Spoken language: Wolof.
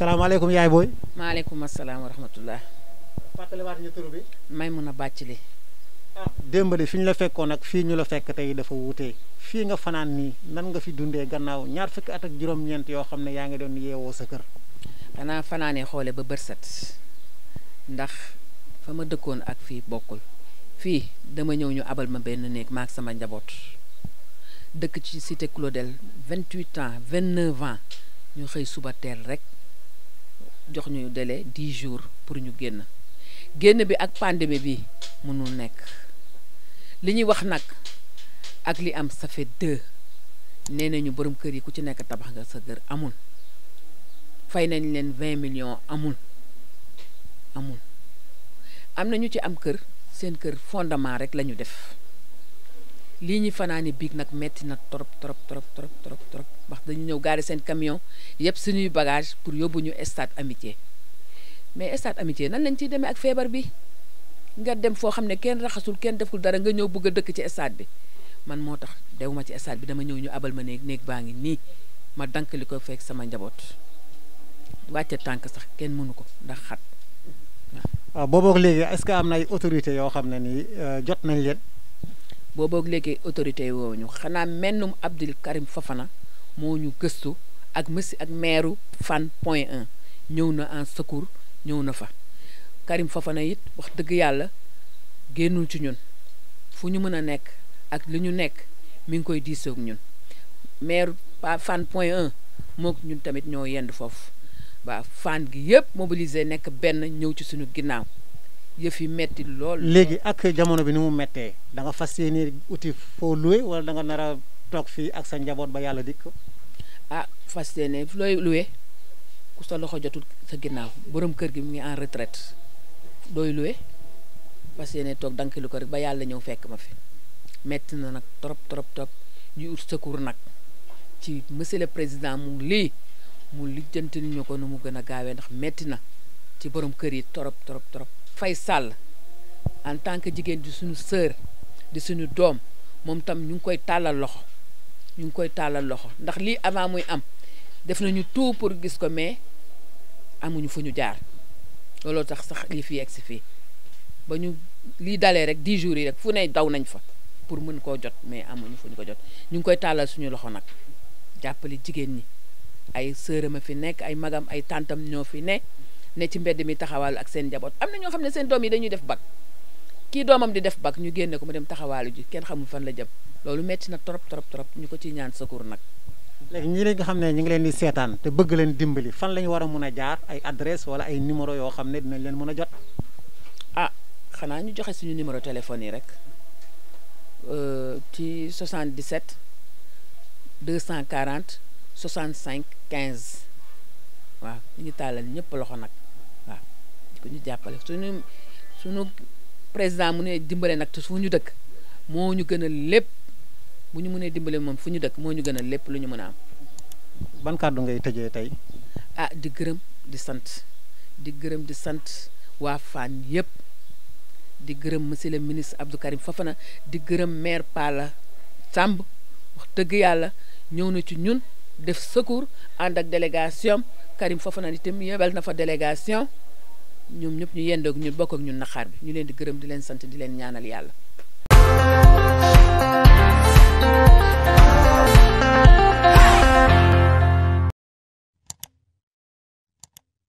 salaamaaleykum yaay booy. maaleykum asalaam wa rahmatullah. fàttaliwaat ñu tur bi. Maymuna Bàccili. ah démb de fi ñu la fekkoon ak fii ñu la fekk tey dafa wuute fii nga fanaan nii nan nga fi dundee gannaaw ñaar fukki at ak juróom-ñeent yoo xam ne yaa ngi doon yeewoo sa kër. xanaa fanaanee xoole ba bërsët ndax fa ma dëkkoon ak fii bokkul fii dama ñëw ñu abal ma benn néeg maag sama njaboot dëkk ci cité Claudel 28 ans 29 ans ñu xëy suba teel rek jox ñu délai dix jours pour ñu génn génn bi ak pandémie bi mënul nekk li ñuy wax nag ak li am ça nee nañu borom kër yi ku ci nekk tabax nga sa kër amul fay nañ leen vingt millions amul amul am na ñu ci am kër seen kër fondement rek la ñu def lii ñuy fanaani biig nag metti na trop trop trop trop trop dañu ñëw gaari seen camion yëpp suñuy bagage pour yóbbu ñu stade amitié mais stade amitié nan lañ ciy demee ak feebar bi nga dem foo xam ne kenn raxasul kenn deful dara nga ñëw bugg a dëkk ci stade bi man moo tax dew ma ci stade bi dama ñëw ñu abal ma néeg néeg baa ngi nii ma dank ko fekk sama njaboot wàcce tànk sax kenn mënu ko ndax xat waaw ah, booboog léegi est-ce am na autorité yoo xam ne nii euh, jot nañ leen booboog léegi autorité woo ñu xanaa mennum Abdul Karim Fafana moo ñu gëstu ak monsieur ak maire fan Point E ñëw na en secours ñëw na fa Karim na it wax dëgg yàlla génnul ci ñun fu ñu mën a nekk ak li ñu nekk mi ngi koy diisoog ñun maire Fann Point E mook ñun tamit ñoo yend foofu waaw fan gi yëpp mobilisé nekk benn ñëw ci suñu ginnaaw yëf yi metti lool. léegi ak jamono bi ni mu mettee da nga fas uti foo loué wala da nga toog fii ak sa njaboot ba yàlla dikk ah fas yéene looy luwe ku sa loxo jotul sa ginnaaw borom kër gi mu ngi en retraite dooy luwe fas yéene toog dankilu ko rek ba yàlla ñëw fekk ma fi metti na nag trop trop trop ñu ut secours nag ci monsieur le président mu lii mu lijjanti ñu ko nu mu gën a gaawee ndax metti na ci borom kër yi trop trop trop fay sàll en tant que jigéen di suñu sœur di suñu doom moom tam ñu ngi koy tàllal loxo ñu ngi koy tàllal loxo ndax lii avant muy am def nañu tout pour gis ko mais amuñu fu ñu jaar looloo tax sax li fi yegg si fii ba ñu lii dalee rek 10 jours yi rek fu ne daw nañ fa pour mën koo jot mais amuñu fu ñu ko jot ñu ngi koy tàllal suñu loxo nag jàppale jigéen ñi ay sëram a fi nekk ay magam ay tàntam ñoo fi ne ne ci mbedd mi taxawaalu ak seen njaboot am na ñoo xam ne seen doom yi dañuy def bac kii doomam di def bac ñu génne ko mu dem taxawaalu ji kenn xamul fan la jëm loolu metti na trop trop trop ñu ko ciy ñaan secours nag. léegi ñi nga xam ne ñu ngi leen di seetaan te bëgg leen dimbali fan la ñu war a mun a jaar ay adresse wala ay numéro yoo xam ne dinañ leen mën a jot. ah xanaa ñu joxe suñu numéro téléphone yi rek euh, ci 77 240 65 15 waaw ñu tàllal ñëpp loxo nag waaw ko suñu président mu ne dimbale nag te dëkk moo ñu gën a lépp. bu ñu mënee dimbale moom fu ñu dëkk moo ñu gënal lépp lu ñu mën a am. ban kàddu ngay tëjee tey. ah di gërëm di sant di gërëm di sant waa Fann yëpp di gërëm monsieur ministre Abdou Karim Fofana di gërëm maire pala Samb wax dëgg yàlla ñëw na ci ñun def secours ànd ak délégation Karim Fofana itam yebal na fa délégation ñoom ñëpp ñu yendoog ñu bokk ak ñun naxaar bi ñu leen di gërëm di leen sant di leen ñaanal yàlla.